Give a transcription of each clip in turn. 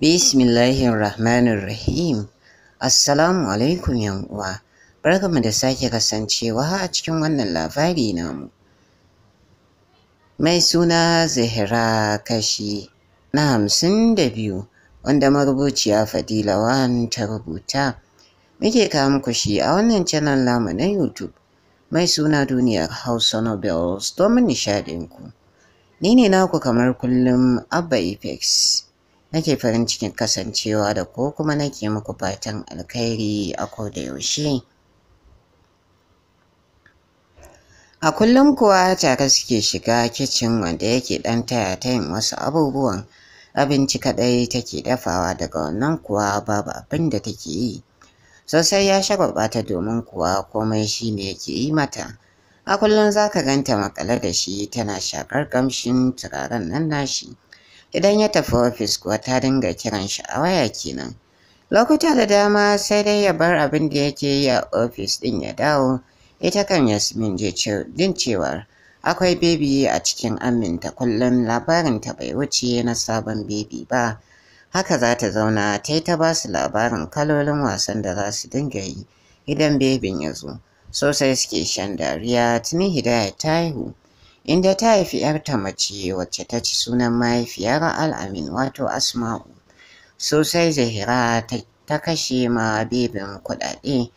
Bismillahir Rahmanir Rahim. Assalamu alaikum uwa. Barkamu da sake kasancewa a cikin wannan labari namu. Mai suna Zahira Kashi na hamsin da biyu wanda marubuciya Fadila Wan ta rubuta. Muke ka muku shi a wannan channel namu na YouTube. Mai suna duniyar Hausa Nobels domin nishaɗinku? Ni ne naku kamar kullum Abba nake farin cikin kasancewa da ko kuma nake muku fatan alkhairi a da yaushe. A kullum kuwa tare suke shiga kicin wanda yake ɗan taya tayin wasu abubuwan abinci kaɗai take dafawa daga wannan kuwa babu abin da take yi. Sosai ya shagwaba domin kuwa komai shi ne yake yi mata. A kullum za ka ganta makale da shi tana shakar kamshin turaren nan nashi. idan ya tafi ofis kuwa ta dinga kiran shi a waya kenan lokuta da dama sai dai ya bar abin da yake yi a ofis din ya dawo ita kan yasmin jin cewar akwai bebi a cikin aminta kullum labarinta bai wuce na sabon bebi ba haka za ta zauna ta yi ta ba su labarin kalolin wasan da za su dinga yi idan bebin ya zo sosai suke shan dariya tuni hidaya ta haihu inda ta haifi ‘yarta mace wacce ta ci sunan mahaifiyar al'amin wato asma'u sosai zahira ta kashe ma bebin kuɗaɗe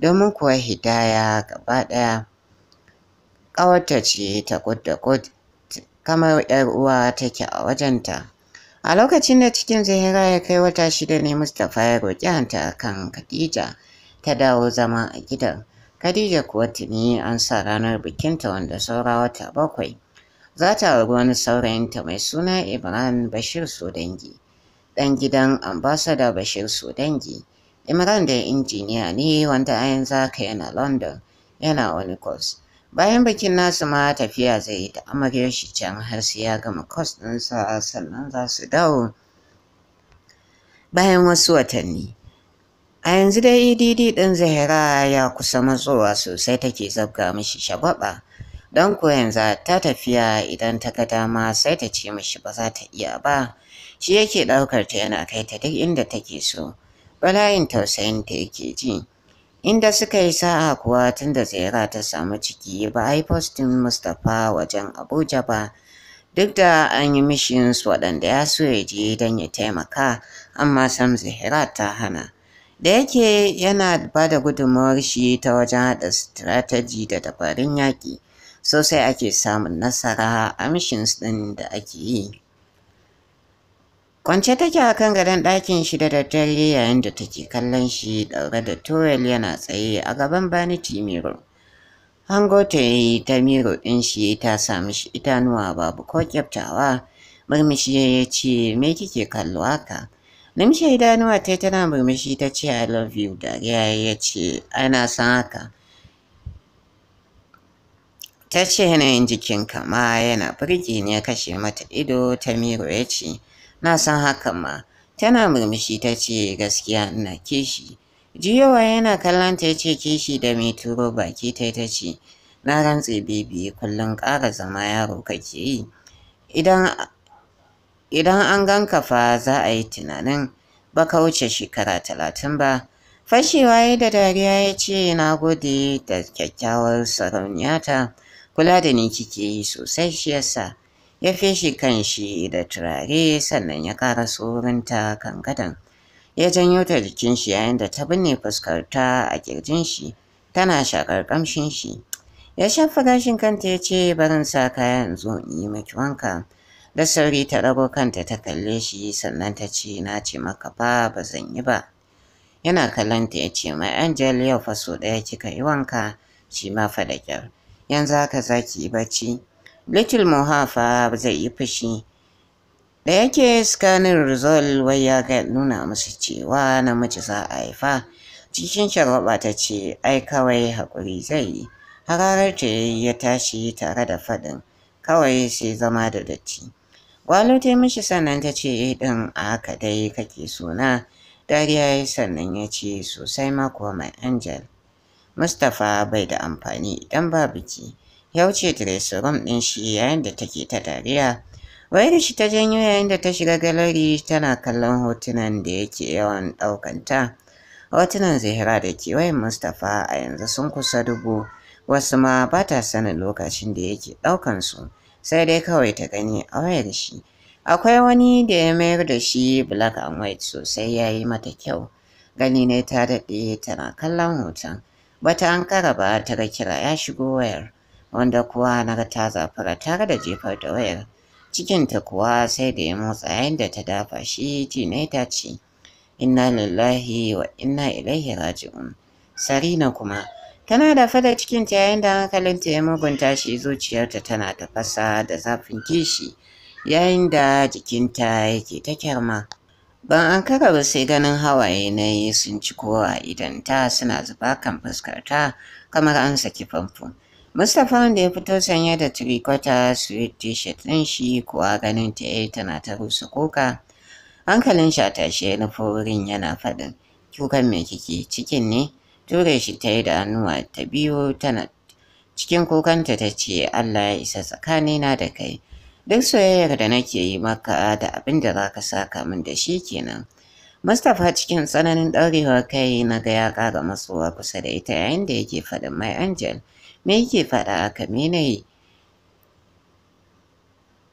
domin kuwa hidaya gaba ɗaya ƙawarta ce ta kamar ‘yar uwa take a wajenta. A lokacin da cikin Zahira ya kai wata shida ne Mustapha ya roƙi hanta kan Khadija ta dawo zama a gidan. Khadija kuwa tuni an sa ranar bikinta wanda saura wata bakwai. Za ta auri wani saurayinta mai suna Ibrahim Bashir Sodangi, ɗan gidan ambasada Bashir Sodangi. Imran da injiniya ne wanda a yanzu haka yana London, yana wani course. Bayan bikin nasu ma tafiya zai yi da amaryar shi can har sai ya gama course ɗinsa sannan za su dawo. Bayan wasu watanni. A yanzu dai EDD ɗin Zahira ya kusa matsowa sosai take zabga mishi shagwaba. Don ko yanzu ta tafiya idan ta ga dama sai ta ce mishi ba za ta iya ba. Shi yake ɗaukar ta yana kai ta duk inda take so. Bala'in tausayin ta yake ji. Inda suka yi sa'a kuwa tun da Zahira ta samu ciki ba a yi postin Mustapha wajen Abuja ba. duk da an yi su waɗanda ya so ya je don ya taimaka amma sam zahira ta hana da yake yana ba da gudunmawar shi ta wajen haɗa strategy da dabarun yaƙi sosai ake samun nasara a missions ɗin da ake yi. Kwance take a kan gadon ɗakin shi da daddare yayin da take kallon shi ɗaure da towel yana tsaye a gaban baniti timiro. Hango ta yi ta miro ɗin shi ta sami shi idanuwa babu ko kyaftawa murmushi ya ce me kike kallo haka? Namshe ni ta tana murmushi ta ce I love you dariya ya ce ana san haka. Ta ce yanayin ka ma yana birge ni ya kashe mata ido ta miro ya ce na san hakan ma. Tana murmushi ta ce gaskiya ina kishi. Jiyowa yana kallon ta ce kishi da mai turo baki ta ta ce na rantse bibi kullum ƙara zama yaro kake yi. Idan idan an ganka fa za a yi tunanin baka wuce shekara talatin ba. Fashewa ya da dariya ya ce na gode da kyakkyawar sarauniyata kula da ni kike yi sosai shi yasa ya feshi kan shi da turare sannan ya ƙara tsorinta kan gadon. Ya janyo ta jikin shi yayin da ta binne fuskarta a kirjin shi tana shakar kamshin shi. Ya shafa gashin kanta ya ce barin sa kaya yanzu in yi maki wanka. Da sauri ta rago kanta ta kalle shi sannan ta ce na ce maka fa ba zan yi ba. Yana kallonta ya ce mai Angel yau fa so ɗaya kika yi wanka shi ma fa da kyar. Yanzu haka za ki yi bacci. Little Mohafa zai yi fushi. Da yake scanning result wai ya ga nuna musu cewa namiji za a haifa. Cikin shagwaba ta ce ai kawai haƙuri zai yi. Hararar ta ya tashi tare da faɗin kawai sai zama da datti. Gwalo ta yi mishi sannan ta ce eh ɗin a haka dai kake suna. Dariya ya sannan ya ce sosai ma mai angel. Mustapha bai da amfani idan ba biki. Ya wuce dressing room ɗin shi yayin da take ta dariya. Wai da shi ta janyo yayin da ta shiga galeri tana kallon hotunan da yake yawan ɗaukanta. Hotunan zahira da kewayen Mustapha a yanzu sun kusa dubu, wasu ma ba ta sanin lokacin da yake ɗaukansu. su. sai dai kawai ta gani a wayar shi. Akwai wani da ya mayar da shi black and white sosai ya yi mata kyau. Gani ne ta daɗe tana kallon hoton. Bata an kara ba ta ga kira ya shigo wayar, wanda kuwa na ga ta zafara tare da jefar da wayar. Cikinta kuwa sai da ya motsa yayin da ta dafa shi ne ta ce, Inna lillahi wa inna ilaihi raji'un. Sarina kuma Tana da fada cikin ta yayin da hankalinta ya mugunta shi zuciyarta tana tafasa da zafin kishi yayin da jikinta yake ta kyarma. Ban an kara ba sai ganin hawaye na yi sun ci kowa idan ta suna zuba kan fuskarta kamar an saki famfo. Mustapha da ya fito sanye da tirikwata sweet t-shirt ɗin shi kuwa ganin ta yi tana ta rusa kuka. Hankalin shi a na wurin yana faɗin, kukan me kike cikin ne? ture shi ta yi da hannuwa ta biyu tana cikin kukanta ta ce Allah ya isa tsakanina da kai duk soyayyar da nake yi maka da abin da za ka saka min da shi kenan. Mustapha cikin tsananin ɗaurewar kai na ga ya ƙara matsowa kusa da ita yayin da yake faɗin mai Angel. Me yake faɗa na yi?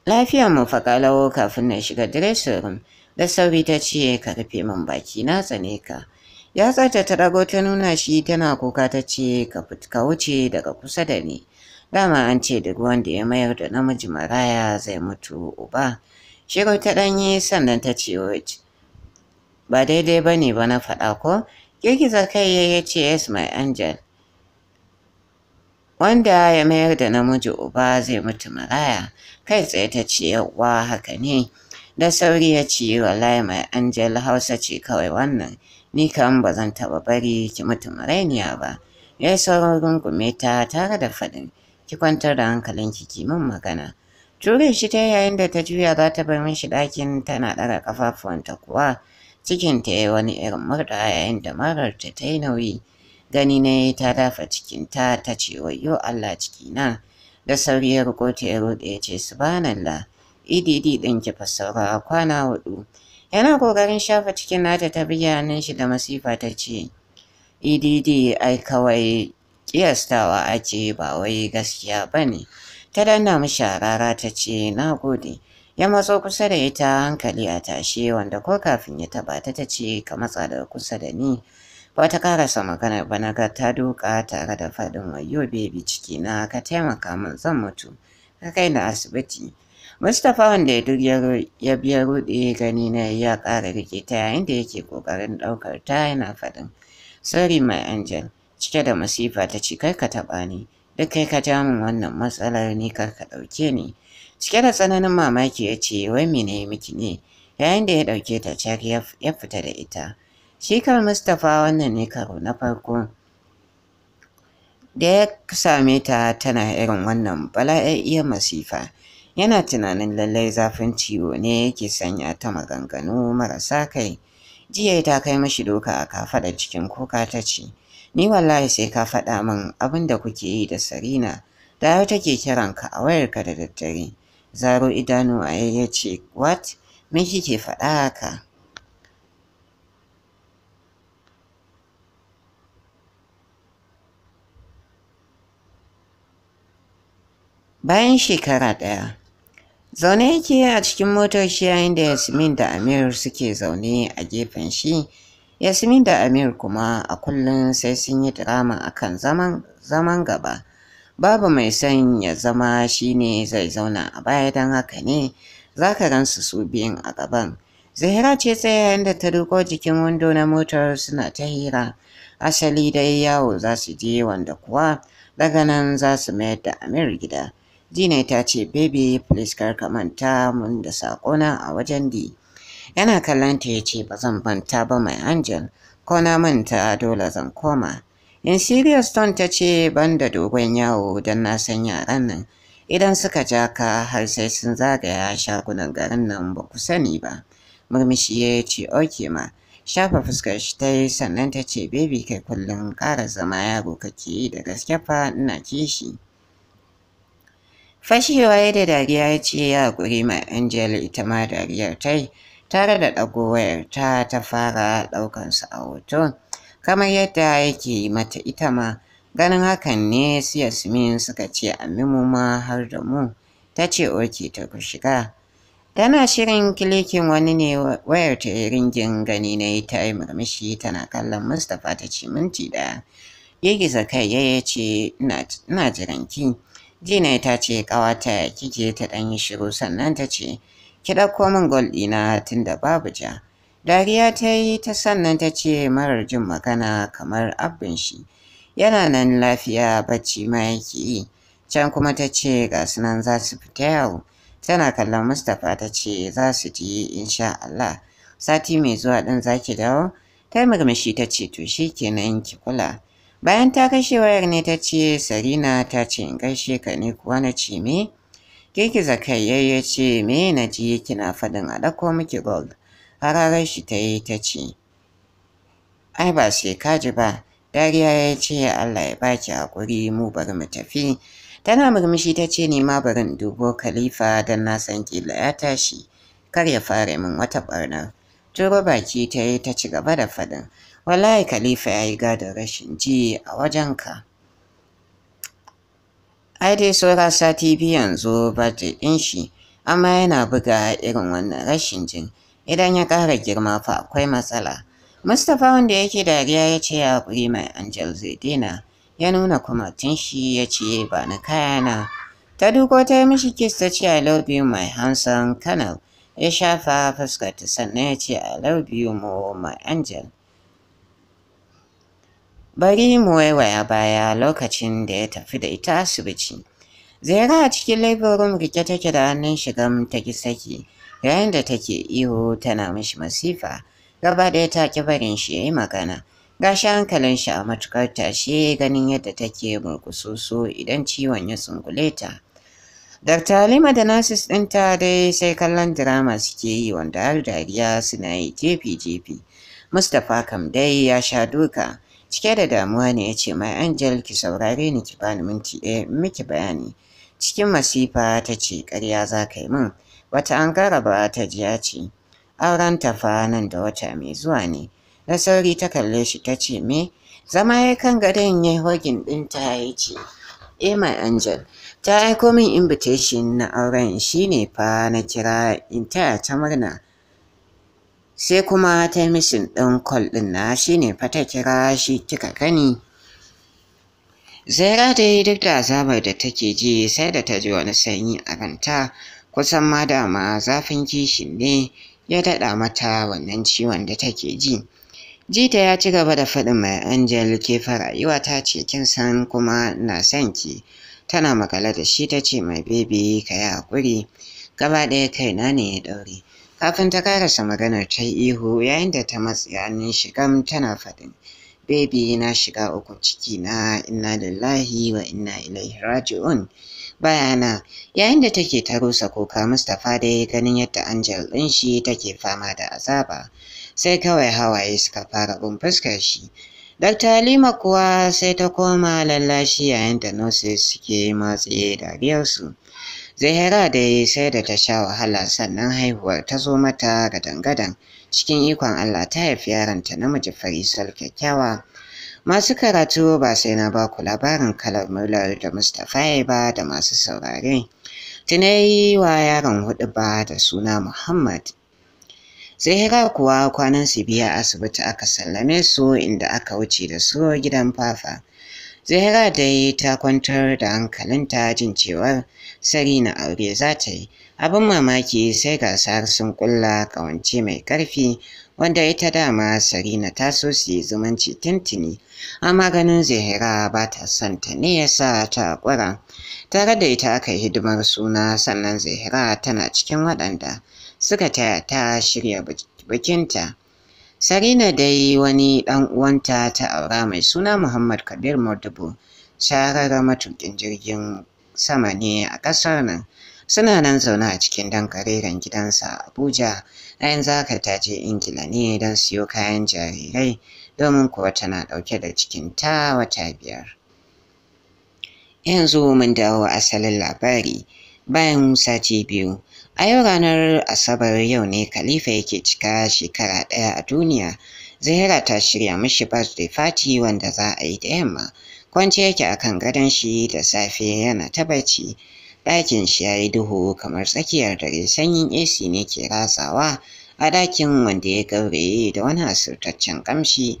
Lafiyar mu fa kafin na shiga dressing room. Da sauri ta ce ka rufe min baki na tsane ka. ya tsata ta dago ta nuna shi tana kuka ta ce ka wuce daga kusa da ni dama an ce duk wanda ya mayar da namiji maraya zai mutu uba shiru ta danyi sannan ta ce wace ba daidai ba ne ba na faɗa ko girgiza kai ya ce yes my angel wanda ya mayar da namiji uba zai mutu maraya kai tsaye ta ce yawa haka ne da sauri ya ce wallahi mai angel hausa ce kawai wannan ni kam ba zan taɓa bari ki mutu marainiya ba. Ya yi sauran rungume ta tare da faɗin, ki kwantar da hankalin ki min magana. Ture shi ta yayin da ta juya za ta bar mishi ɗakin tana ɗaga ƙafafuwanta kuwa Cikin ta yi wani irin murɗa yayin da marar ta yi nauyi. Gani ne ta dafa cikin ta ta ce wayo Allah ciki na! da sauri ya riko ta ya ruɗe ya ce subhanallah ididi e ɗin ki fa saura kwana huɗu. Yana ƙoƙarin shafa cikin nata ta bi shi da masifa ta ce, EDD ai kawai ƙiyastawa ake ba wai gaskiya ba ne. Ta danna mishi rara ta ce, na gode. Ya matso kusa da ita hankali a tashe wanda ko kafin ya taba ta ta ce ka matsa da kusa da ni. Ba ta karasa magana ba na ga ta doka tare da faɗin wayo bebi ciki na ka taimaka min zan mutu. Ka kai na asibiti. Mustapha wanda ya duk ya biya ruɗe gani na ya kara rike ta yayin da yake ƙoƙarin ɗaukar ta yana faɗin. Sorry my angel, cike da masifa ta ci kai ka taɓa ni, duk kai ka ja min wannan matsalar ni kar ka ɗauke ni. Cike da tsananin mamaki ya ce wai mene miki ne yayin da ya ɗauke ta cak ya fita da ita. Shi kan Mustapha wannan ne karo na farko. da ya same ta tana irin wannan iya masifa yana tunanin lallai zafin ciwo ne yake sanya ta maganganu marasa kai jiya ta kai mashi doka a kafaɗa cikin kuka ta ce ni wallahi sai ka faɗa min abin da kuke yi da sarina da yau take kiran ka a wayarka da daddare zaro idanu a yayya ce what me kike faɗa ka Bayan shekara ɗaya, Zaune yake a cikin motar shi yayin da Yasmin da Amir suke zaune a gefen shi. Yasmin da Amir kuma a kullum sai sun yi drama akan zaman zaman gaba. Babu mai son ya zama shi ne zai zauna a baya don haka ne za ka gan su su biyun a gaban. Zahira ce yayin da ta duko jikin wando na motar suna ta hira. Asali dai yawo za su je wanda kuwa daga nan za su mayar da Amir gida. Dina ta ce, Baby, please kar ka manta mun da saƙona a wajen di. Yana kallon ta ya ce, Ba zan manta ba mai Angel, ko na manta dole zan koma. In serious ton ta ce, Ban da dogon yawo don na san yaran nan, idan suka ja ka har sai sun zagaya shagunan garin nan ba ku sani ba. Murmushi ya ce, Oke ma, shafa fuskar shi ta yi sannan ta ce, Baby, kai kullum ƙara zama yaro kake yi da gaske fa ina kishi. Fashewa ya da dariya ya ce ya haƙuri ma Angel ita ma dariyar ta yi tare da ɗagowar ta ta fara ɗaukansa a hoto, kamar yadda yake mata ita ma ganin hakan ne su Yasmin suka ce amin mu ma har da mu ta ce oke ta ku shiga. Tana shirin kilikin wani ne wayar ta ringin gani na yi ta yi murmushi tana kallon Mustapha ta ce minti ɗaya. Girgiza kai ya ce ina jiranki. Jina ta ce ƙawata kike ta ɗan yi shiru sannan ta ce ki ɗauko min gol ɗina tunda babu ja. Dariya ta yi ta sannan ta ce marar jin magana kamar abin shi. Yana nan lafiya bacci ma yake yi. Can kuma ta ce ga sunan za su fita yau? Tana kallon Mustapha ta ce za su ji insha Allah. Sati mai zuwa ɗin za ki dawo? Ta murmushi ta ce to shi kenan ki kula. Bayan ta kashe wayar ne ta ce Sarina ta ce in gaishe ka ne kuwa na ce me? Girgiza kai ya ce me na ji kina faɗin a ɗauko miki gold. Hararar shi ta yi ta ce. Ai ba sai ka ji ba. Dariya ya ce Allah ya baki haƙuri mu bari mu tafi. Tana murmushi ta ce ni ma bari dubo Khalifa don na san kila ya tashi. Kar ya fara min wata ɓarnar. Turo baki ta yi ta ci gaba da faɗin. wallahi khalifa ya yi gadon rashin ji a wajenka ai dai saura sati biyu yanzu ba ɗin shi amma yana buga irin wannan rashin jin idan ya ƙara girma fa akwai matsala mustapha wanda yake dariya ya ce ya buri mai angel zai ya nuna kuma tun shi ya ce ba na kayana ta duko ta yi mishi kiss ta ce I love you my handsome canal ya shafa fuskar ta sannan ya ce I love you my angel Bari mu waiwaya baya lokacin da ya tafi da ita asibiti. Zaira a cikin laifin room rike take da hannun shigan ta ki saki yayin da take iho tana mishi masifa. Gaba ɗaya ta ki barin shi ya yi magana. Gashi hankalin shi a matukar tashe ganin yadda take murkusoso idan ciwon ya sungule ta. Dr. Halima da Nasis ɗinta dai sai kallon drama suke yi wanda har dariya suna yi jefi-jefi. Mustapha kam dai ya sha duka Cike da damuwa ne ya ce, Mai Angel ki saurare ni ki bani minti ɗaya miki bayani. Cikin masifa ta ce, ƙarya za ka yi min. Wata an ba ta ji ya ce, Auren ta fa nan da wata mai zuwa ne. Na sauri ta kalle shi ta ce, Me? Zama ya kan gadon ya hogin ta ya ce, E eh, mai Angel, ta aiko min invitation na auren shi ne fa na kira in ta murna. sai kuma ta mishin ɗin kwal ɗin na shi ne fata kira shi kika gani zaira dai duk da azabar da take ji sai da ta ji wani sanyi a ranta kusan ma dama zafin kishin ne ya daɗa mata wannan ciwon da take ji jita ya ci gaba da faɗin mai angel ke rayuwa ta ce kin san kuma na son ki tana makale da shi ta ce mai bebe ka yi haƙuri gaba ɗaya kaina ne ya ɗaure Kafin ta karasa maganar ta ihu yayin da ta matsi hannun shi gam tana faɗin. Baby na shiga uku ciki na inna lillahi wa inna ilaihi raji'un. Bayana yayin da take ta rusa kuka Mustapha dai ganin yadda Angel ɗin shi take fama da azaba. Sai kawai hawaye suka fara bin fuskar shi. Dr. Halima kuwa sai ta koma lallashi yayin da nurses suke matsaye dariyarsu. Zahira dai sai da ta sha wahala sannan haihuwar ta zo mata gadan-gadan cikin ikon Allah ta haifi yaranta namiji Faisal kyakkyawa. Masu karatu ba sai na ba ku labarin kalar mular da Mustapha ba da masu saurare. Tunai wa yaron hudu ba da suna Muhammad. Zahira kuwa kwanan su biya asibiti aka sallame su inda aka wuce da su gidan fafa. Zahira dai ta kwantar da hankalinta jin cewar sari na aure za ta yi. Abin mamaki sai gasar sun kulla kawance mai ƙarfi wanda ita dama Sarina ta so su yi zumunci tintini, A maganin Zahira ba ta son ta ne yasa ta ƙura. Tare da ita aka yi hidimar suna sannan Zahira tana cikin waɗanda suka taya ta shirya bikinta. Sarina dai wani ɗan uwanta ta aura mai suna Muhammad Kabir Mordubu shahararren matukin jirgin sama ne a ƙasar nan. Suna nan zaune a cikin dan kareren gidansa Abuja, a yanzu haka ta je Ingila ne don siyo kayan jarirai domin kuwa tana ɗauke da cikin ta wata biyar. Yanzu mun dawo asalin labari bayan sati biyu. A yau ranar Asabar yau ne Khalifa yake cika shekara ɗaya a duniya. Zahira ta shirya mishi da fati wanda za a yi da yamma. Kwanci yake kan gadon shi da safe yana ta barci. Ɗakin shi ya yi duhu kamar tsakiyar dare sanyin AC ne ke ratsawa a ɗakin wanda ya gauraye da wani asirtaccen kamshi.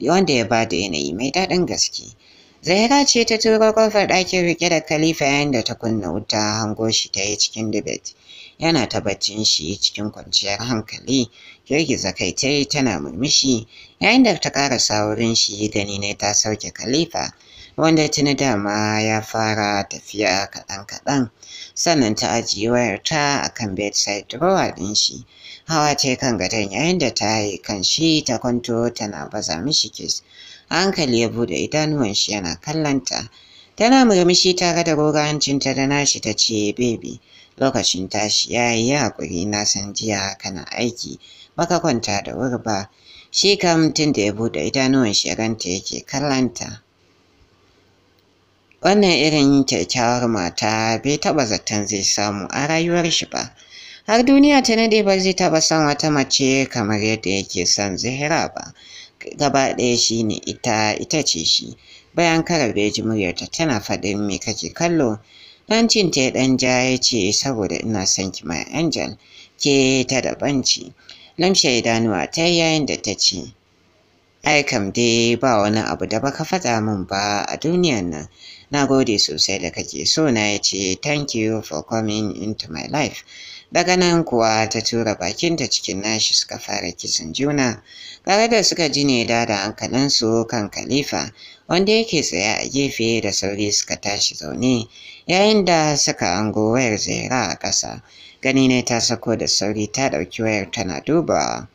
wanda ya ba da yanayi mai daɗin gaske. Zahira ce ta turo kofar ɗakin rike da Khalifa yayin da ta kunna wuta hango shi ta yi cikin dibet. yana ta baccin shi cikin kwanciyar hankali girgiza kai ta yi tana murmushi yayin da ta ƙarasa wurin shi gani ne ta sauke khalifa wanda tuni dama ya fara tafiya kaɗan-kaɗan sannan ta ajiye wayarta a kan bedside drawer ɗin shi hawa ce kan gadon yayin da ta yi kan shi ta kwanto tana baza mishi kiss hankali ya buɗe idanuwan shi yana kallanta tana murmushi tare da gogancinta da nashi ta ce baby lokacin tashi ya yi haƙuri na san jiya kana aiki baka kwanta da wuri ba shi kam tun da ya buɗe idanuwan shi yake kallanta wannan irin kyakkyawar mata bai taɓa zaton zai samu a rayuwar shi ba har duniya ta nade ba zai taɓa son wata mace kamar yadda yake son zahira ba gaba ɗaya shi ne ita ita ce shi bayan karar bai ji muryarta tana faɗin me kake kallo cin ta ɗan ja ya ce saboda ina son ki mai Angel ke ta banci Lamshe idanuwa ta yayin da ta ce, Ai kam dai ba wani abu da baka faɗa min ba a duniyan nan. Na gode sosai da kake so na ya ce thank you for coming into my life. Daga nan kuwa ta tura bakinta cikin nashi suka fara kisan juna, tare da suka ji ne da hankalinsu kan Khalifa wanda yake tsaye a gefe da sauri suka tashi zaune yayin da suka ango wayar zaira a ƙasa gani ne ta sako da sauri ta ɗauki wayar tana dubawa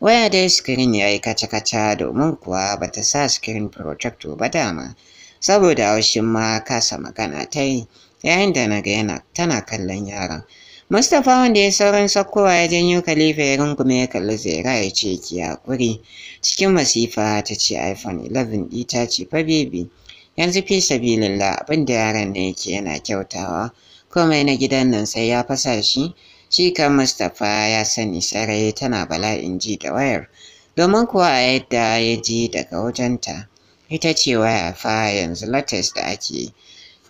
waya dai sikirin ya yi kaca-kaca domin kuwa ba ta sa sikirin projecto ba dama saboda haushin ma kasa magana ta yi yayin da na ga yana tana kallon yaron Mustapha wanda ya sauran sakkowa ya janyo Khalifa ya rungume ya kalli Zaira ya ce ki hakuri. Cikin masifa ta ce iPhone 11 ta ce fa baby. Yanzu fi sabilillah abin da yaran ne yake yana kyautawa. Komai na gidan nan sai ya fasa shi. Shi kan Mustapha ya sani sarai tana bala'in ji da wayar. Domin kuwa a yadda ya ji daga wajenta. Ita ce waya fa yanzu latest da ake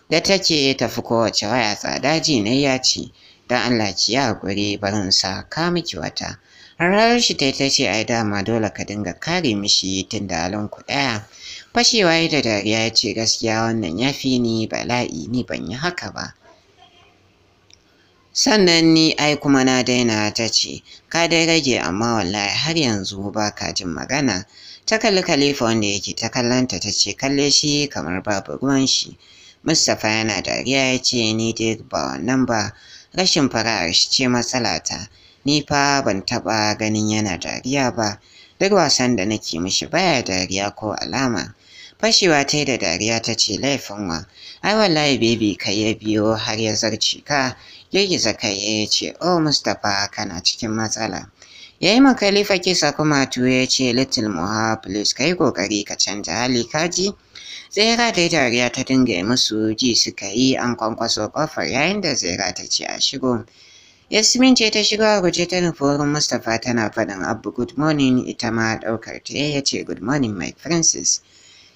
da take tafi kowace waya tsada ji na ya da Allah ci ya hakuri barin sa ka miki wata ranar shi ta ta ce ai dama dole ka dinga kare mishi tun da halin ku ɗaya fashewa da dariya ya ce gaskiya wannan yafi fi ni bala'i ni ban yi haka ba sannan ni ai kuma na daina ta ce ka dai rage amma wallahi har yanzu ba ka jin magana ta kalli khalifa wanda yake ta kallanta ta ce kalle shi kamar babu ruwan shi mustapha yana dariya ya ce ni dai ba wannan ba rashin fara'ar shi ce matsalata ni fa ban taɓa ganin yana dariya ba duk wasan da nake mishi baya dariya ko alama fashewa ta da dariya ta ce laifin wa ai wallahi baby kai ya biyo har ya zarci ka girgiza kai ya ce oh mustapha kana cikin matsala ya yi makalifa kisa kuma tuwo ya ce little moha please kai kokari ka canza hali kaji Zera da yi dariya ta dinga musu ji suka yi an kwankwaso kofar yayin da zera ta ce a shigo. Yasmin ce ta shigo a guje ta nufi Mustapha tana faɗin Abu good morning ita ma ɗaukar ta ya ce good morning my princess.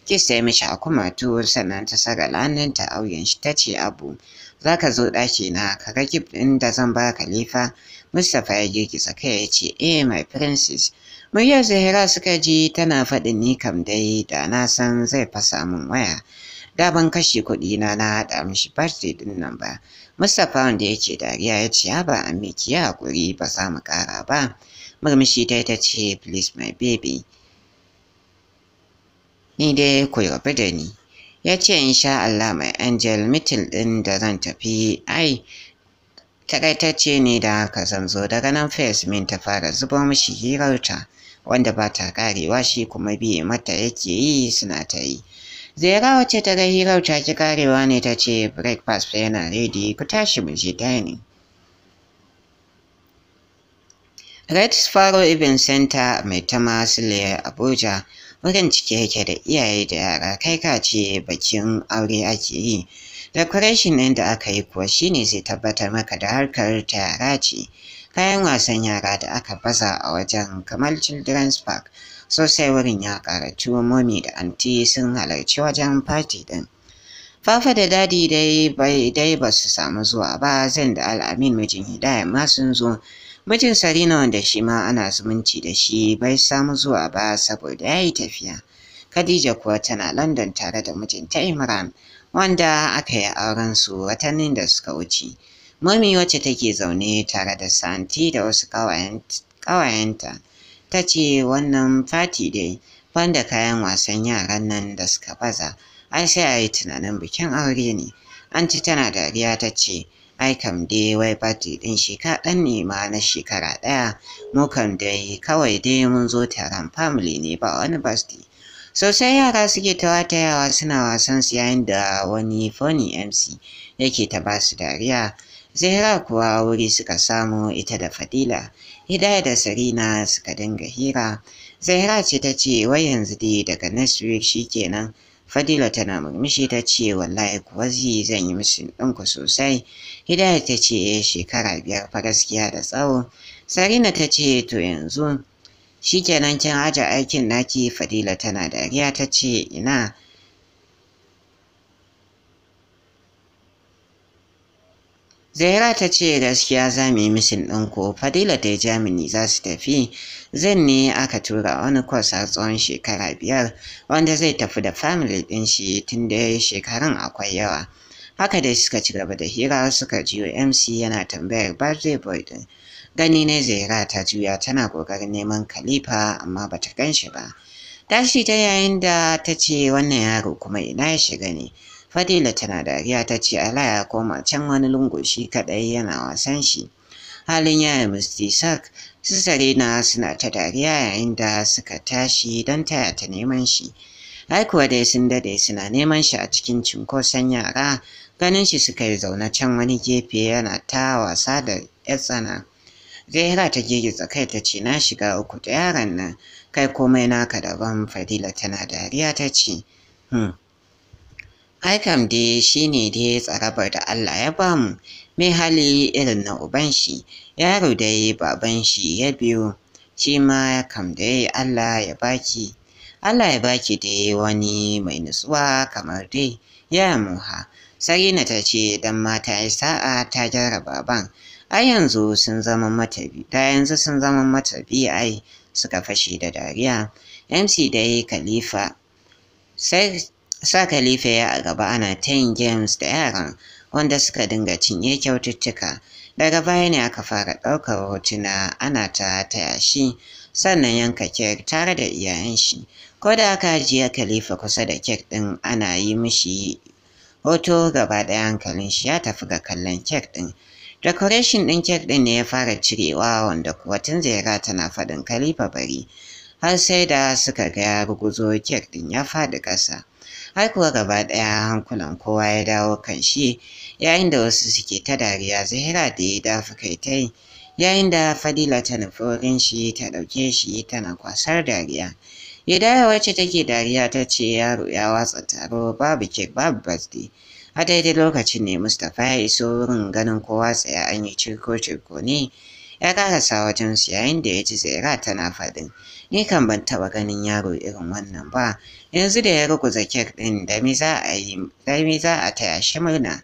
Kis ta yi mishi a kumatu sannan ta saka lanin ta auyen shi ta ce Abu za ka zo ɗaki na ka ga kif ɗin da zan ba Khalifa. Mustapha ya girgiza kai ya ce eh my princess. muryar zahira suka ji tana faɗin ni kam dai da na san zai fasa min waya da ban kashe kuɗi na na haɗa mishi birthday din nan ba mustapha wanda yake dariya ya ce ba a miki ya haƙuri ba za mu ƙara ba murmushi ta ta ce please my baby ni dai ku rabu da ni ya ce sha Allah mai angel mitin ɗin da zan tafi ai takaitacce ne da haka zan zo daga nan fes min ta fara zubo mishi hirarta wanda ba ta karewa shi kuma bi mata yake yi suna ta yi. Zera wacce ta ga hirar ta ki karewa ne ta ce breakfast yana ready ku tashi mu je dining. Red Sparrow Event Center mai tama Sule Abuja wurin cike yake da iyaye da yara kai ka ce bakin aure ake yi. Decoration ɗin da aka yi kuwa shine zai tabbatar maka da harkar ta yara ce. kayan wasan yara da aka baza a wajen kamar children's park sosai wurin ya karatu momi da anti sun halarci wajen fati din fafa da dadi dai bai ba su samu zuwa ba zan da al'amin mijin hidaya ma sun zo mijin sarina wanda shi ma ana zumunci da shi bai samu zuwa ba saboda ya yi tafiya khadija kuwa tana london tare da mijinta imran wanda aka yi auren su watannin da suka wuce Mami wacce take zaune tare da Santi da wasu ƙawayenta ta ce wannan fati dai banda kayan wasan yaran nan da suka baza ai sai a yi tunanin bikin aure ne. Anti tana dariya ta ce ai kam dai wai fati ɗin shi kaɗan ne ma na shekara ɗaya mu kam dai kawai dai mun zo taron family ne ba wani birthday. sosai yara suke tawatayawa suna wasan su yayin da wani funny mc yake ta basu dariya Zahra kuwa wuri suka samu ita da Fadila, Hidaya da Sarina suka dinga hira. Zahra ce ta ce wai yanzu dai daga next week shikenan. Fadila tana murmushi ta ce wallahi kuwa zai zan yi musu ɗinku sosai. Hidaya ta ce eh, shekara biyar fa gaskiya da tsawo. Sarina ta ce to yanzu shikenan kin aje aikin naki Fadila tana dariya ta ce ina Zaira ta ce gaskiya za mu yi mishin ɗin ko Fadila da Germany za su tafi zan ne aka tura wani kwas a tsawon shekara biyar wanda zai tafi da family ɗin shi tun da shekarun akwai yawa. Haka da suka ci gaba da hira suka ji MC yana tambayar birthday boy din. Gani ne Zaira ta juya tana ƙoƙarin neman Khalifa amma bata ta ganshi ba. Tashi ta yayin da ta ce wannan yaro kuma ina ya shiga ne. Fadila tana dariya ta ce Ala ya koma can wani lungu shi kaɗai yana wasan shi. Halin yaya Mr. Sark su na suna ta dariya yayin da suka tashi don taya ta neman shi. Ai kuwa dai sun dade suna neman shi a cikin cunkoson yara ganin shi suka yi zaune can wani gefe yana ta wasa da yatsana. tsana. Zahira ta girgiza kai ta ce na shiga uku da yaran nan kai komai naka daban Fadila tana dariya ta ce hmm. Aikam dai shi ne dai tsarabar da Allah ya bamu, mai hali irin na uban shi, yaro dai baban shi ya biyo, shi ma kam dai Allah ya baki. Allah ya baki dai wani mai nutsuwa kamar dai ya muha. Sarina ta ce dan mata ya sa'a ta gyara baban, ai yanzu sun zama mata ta yanzu sun zama mata ai suka fashe da dariya. MC dai Khalifa sai Sa Khalifa ya a gaba ana ta games da yaran wanda suka dinga cinye kyaututtuka. Daga baya ne aka fara ɗaukar hotuna ana ta taya shi sannan yanka kek tare da iyayen shi. Ko da aka ajiye Khalifa kusa da kek ɗin ana yi mishi hoto gaba ɗaya hankalin shi ya tafi ga kallon kek ɗin. Decoration ɗin kek ɗin ne ya fara cirewa wanda kuwa tun zaira tana faɗin Khalifa bari har sai da suka ga ya ruguzo kek ɗin ya faɗi ƙasa. har kuwa gaba ɗaya hankulan kowa ya dawo kan shi yayin da wasu suke ta dariya zahira da ya dafa kai ta yi yayin da fadila ta nufi wurin shi ta ɗauke shi tana kwasar dariya dawo wacce take dariya ta ce yaro ya watsa taro babu kek babu birthday a daidai lokacin ne mustapha ya iso wurin ganin kowa tsaye an yi cirko-cirko ne ya karasa wajen su yayin da ya ji zaira tana faɗin ni kan ban taɓa ganin yaro irin wannan ba yanzu da ya ruguza kek ɗin da mi za a taya shi murna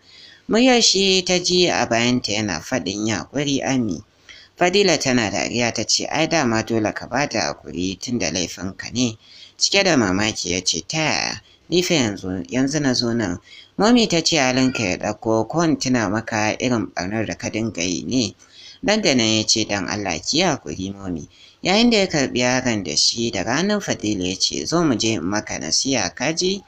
muryar shi ta ji a bayanta yana faɗin yaƙuri ami fadila tana dariya ta ce ai dama dole ka ba da hakuri tun da laifinka ne cike da mamaki ya ce ta yaya ni yanzu yanzu na zo nan momi ta ce halinka ya ɗauko ko tuna maka irin ɓarnar da ka dinga yi ne dan da nan ya ce dan allah ki hakuri momi yayin da ya karɓi yaron da shi da ranar fadila ya ce zo mu je in maka nasiya kaji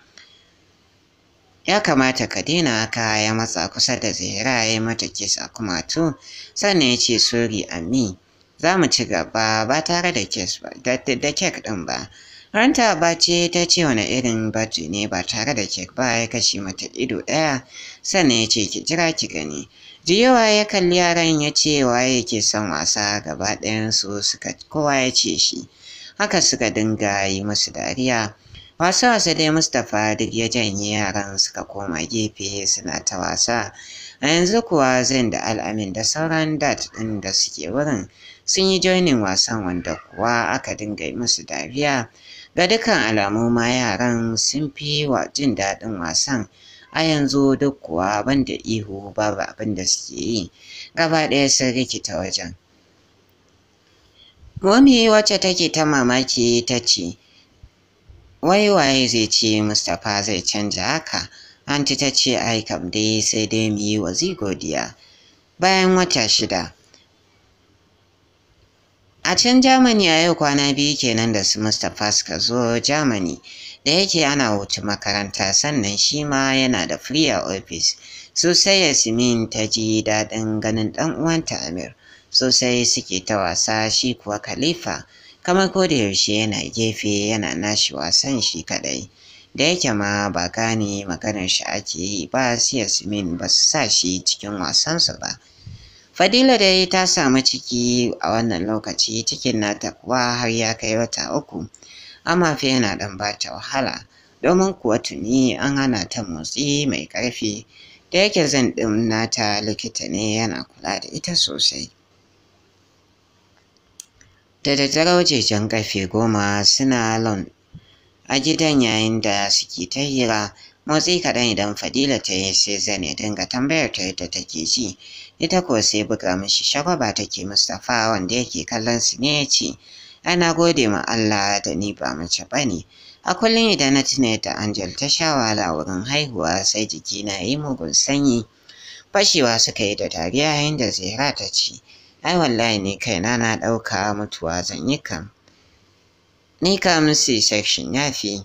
ya kamata ka daina haka ya matsa kusa da zahira ya yi mata kes a kumatu sannan ya ce sori ami za mu ci gaba ba tare da kes da kek din ba ranta ba ce ta ce wani irin batu ne ba tare da kek ba ya kashe mata ido ɗaya sannan ya ce ki jira ki gani Jiyawa ya kalli yaran ya ce yake yake son wasa gaba ɗayansu suka kowa ya ce shi. Haka suka dinga yi musu dariya. Wasu wasu dai Mustapha duk ya janye yaran suka koma gefe suna ta wasa. A yanzu kuwa zan da al'amin da sauran dat ɗin da suke wurin sun yi joinin wasan wanda kuwa aka dinga yi musu dariya. Ga dukkan alamu ma yaran sun fi wa jin daɗin wasan. a yanzu duk kuwa ban da ihu babu abin da suke yi gaba ɗaya sun rikita wajen momi wacce take ta mamaki ta ce wai waye zai ce mustapha zai canja haka anti ta ce ai kam dai sai dai mu yi wa godiya bayan wata shida A can Germany a yau kwana biyu kenan da su Mustapha suka zo Germany da yake ana wuce makaranta sannan shi ma yana da free a ofis sosai yasmin ta ji daɗin ganin ɗan uwanta amir sosai suke ta wasa shi kuwa khalifa kamar ko da yaushe yana gefe yana nashi wasan shi kadai da yake ma ba gane maganar shi ake yi ba su yasmin ba su sa shi cikin wasansu ba Fadila dai ta samu ciki a wannan lokaci cikin nata kuwa har ya kai wata uku. amma fa yana ɗan bata wahala domin kuwa tuni an hana ta motsi mai ƙarfi da yake zan ɗin nata likita ne yana kula da ita sosai. Da daddare wajejen ƙarfe goma suna lon a gidan yayin da suke ta hira motsi kaɗan idan fadila ta yi sai zane dinga tambayar ta yadda take ji ita kuwa sai buga mishi shagwaba take mustapha wanda yake kallon su ne ya ce Ana gode ma Allah da ni ba mace ba ne. A kullum idan na tuna da Angel ta sha wahala wurin haihuwa sai jiki na yi mugun sanyi. Fashewa suka yi da dariya yayin da ta ce, ai wallahi ni kaina na ɗauka mutuwa zan yi kam. Ni kam si section ya fi.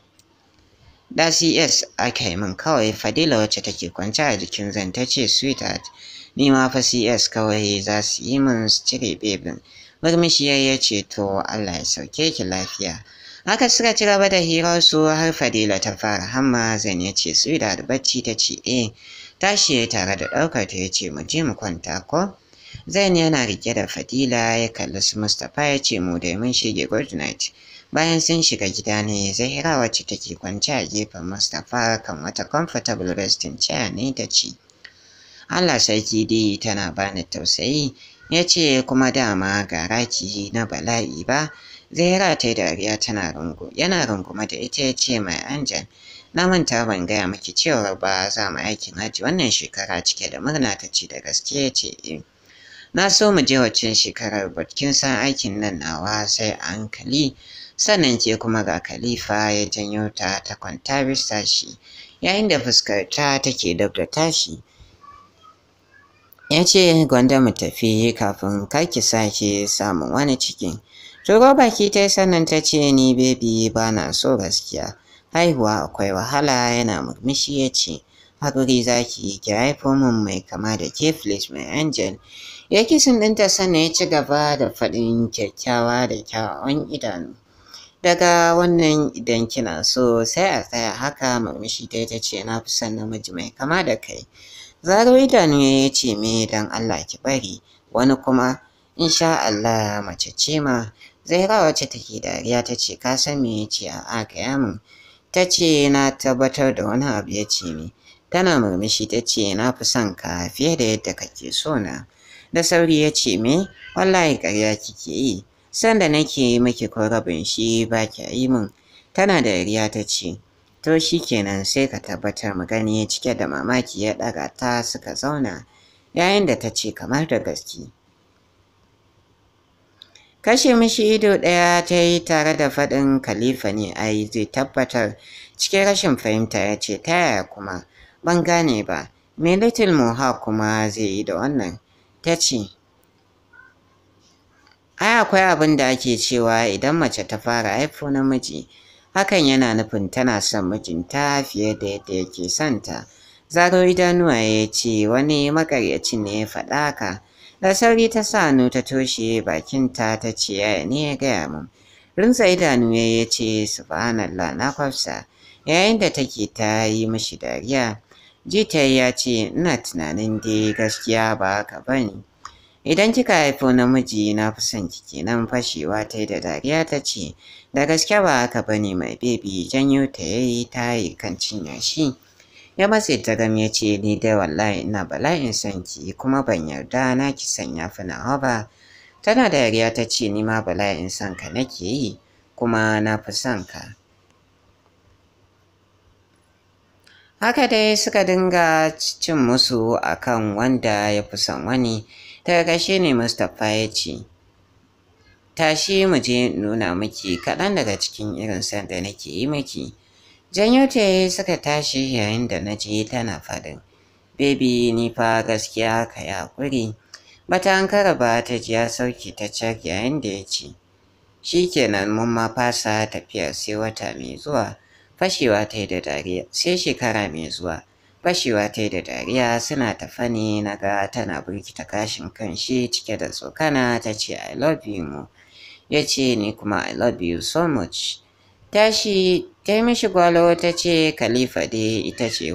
Da CS aka yi min kawai Fadila wacce take kwance a jikin zan ta ce sweetheart, ni ma fa CS kawai za su yi min cire babin. murmushi ya ce to Allah ya sauke ki lafiya. Haka suka ci gaba da hirar su har Fadila ta fara hamma zan ya ce su da bacci ta ce eh tashi tare da ɗaukar ta ya ce mu je mu kwanta ko. Zain yana rike da Fadila ya kalli su Mustapha ya ce mu dai mun shige good night. Bayan sun shiga gida ne Zahira wacce take kwance a gefen Mustapha kan wata comfortable resting chair ne ta ce. Allah sarki dai tana bani tausayi ya ce kuma dama ga raki na bala'i ba zaira ta yi dariya tana rungu yana runguma da ita ya ce mai anjan na manta ban gaya miki cewa ba za mu aikin haji wannan shekara cike da murna ta ce da gaske ya ce eh. na so mu je waccan shekarar kin san aikin nan nawa sai a hankali sannan ke kuma ga khalifa ya janyo ta ta kwanta bisa shi yayin da fuskarta take dab da tashi ya ce gwanda mu tafi kafin ki sake samun wani cikin turo baki ta sannan ta ce ni baby ba na so gaskiya haihuwa akwai wahala yana murmushi ya ce hakuri za ki haifo min mai kama da keflis mai angel ya kisin ɗinta sannan ya ci gaba da faɗin kyakkyawa da kyawawan idanu daga wannan idan kina so sai a tsaya haka murmushi ta ta ce na fi son namiji mai kama da kai zaro idanu ya ce me dan Allah ki bari wani kuma insha Allah mace ce ma zaira wacce take dariya ta ce ka san me ya ce a'a gaya min ta ce na tabbatar da wani abu ya ce ni tana murmushi ta ce na fi son ka fiye da yadda kake so na da sauri ya ce me wallahi ƙarya kike yi sanda nake miki korabin shi ba kya yi min tana dariya ta ce To shi kenan sai ka tabbatar magani cike da mamaki ya ɗaga ta suka zauna yayin da ta ce kamar da gaske. Kashe mishi ido ɗaya ta yi tare da faɗin Khalifa ne yi zai tabbatar cike rashin fahimta ya ce ta yaya kuma ban gane ba me Little Moha kuma zai yi da wannan ta ce ai akwai abin da ake cewa idan mace ta fara haifo namiji hakan yana nufin tana son mijinta fiye da yadda yake santa zaro idanuwa ya ce wani makaryaci ne ya faɗa ka da sauri ta sa hannu ta toshe bakinta ta ce yaya ne ya gaya mun rinsa idanu ya ce subhanallah na kwafsa yayin da take ta yi mashi dariya jita ya ce ina tunanin dai gaskiya ba haka bane Idan kika haifo namiji na fi son kiki nan fashewa ta yi da dariya ta ce, da gaske ba haka ba ne mai bebi janyo ta yi ta yi kan cinya shi. Ya matse ta gam ya ce ni dai wallahi ina bala'in son ki kuma ban yarda na ki sanya fi nawa ba. Tana da dariya ta ce ni ma bala'in son ka nake yi kuma na fi son ka. Haka dai suka dinga cin musu akan wanda ya fi son wani. ta shi ne Mustapha ya ce tashi mu je nuna miki kaɗan daga cikin irin san nake yi miki janyo ta suka tashi yayin da na je tana faɗin bebi ni fa gaskiya ka ya haƙuri bata kara ba ta ji ya sauki ta cak yayin da ya ce shikenan mun ma fasa tafiya sai wata mai zuwa fashewa ta yi da dariya sai shekara mai zuwa fashewa ta da dariya suna ta fani na ga tana kashin kan shi cike da tsokana ta ce I love you mu. Ya ce ni kuma I love you so much. Tashi ta yi mishi gwalo ta ce Khalifa dai ita ce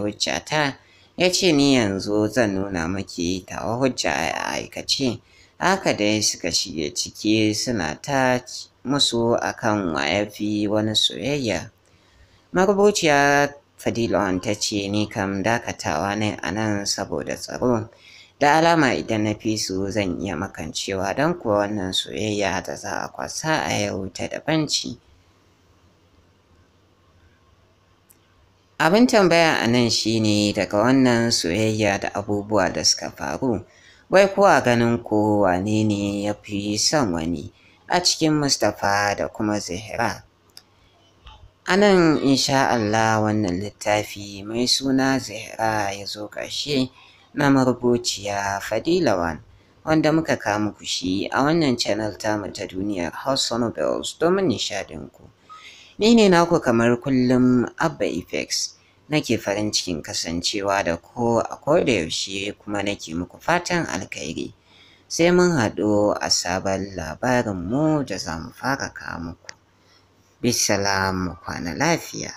ta Ya ce ni yanzu zan nuna maki tawa hujja a aikace. Haka dai suka shige ciki suna ta musu akan wayafi wani soyayya. Marubuciya Fadilawan ta ce ni kam dakatawa ne a nan saboda tsaro. Da alama idan na fi su zan iya makancewa don kuwa wannan soyayya da za a kwasa a yau ta daban ce. Abin tambaya a nan shi ne daga wannan soyayya da abubuwa da suka faru, wai kuwa ganin ko wane ne ya fi son wani a cikin Mustapha da kuma Zahra. anan insha Allah wannan littafi mai suna zahira ya zo ƙarshe na marubuciya Fadila Wan wanda muka kawo muku shi a wannan channel ta mu ta duniyar House Nobels domin ku Ni ne naku kamar kullum Abba Effects nake farin cikin kasancewa da ko a koda yaushe kuma nake muku fatan alkhairi. Sai mun haɗu a sabon labarin mu da zamu fara kawo muku. Bisalamu kwana lafiya.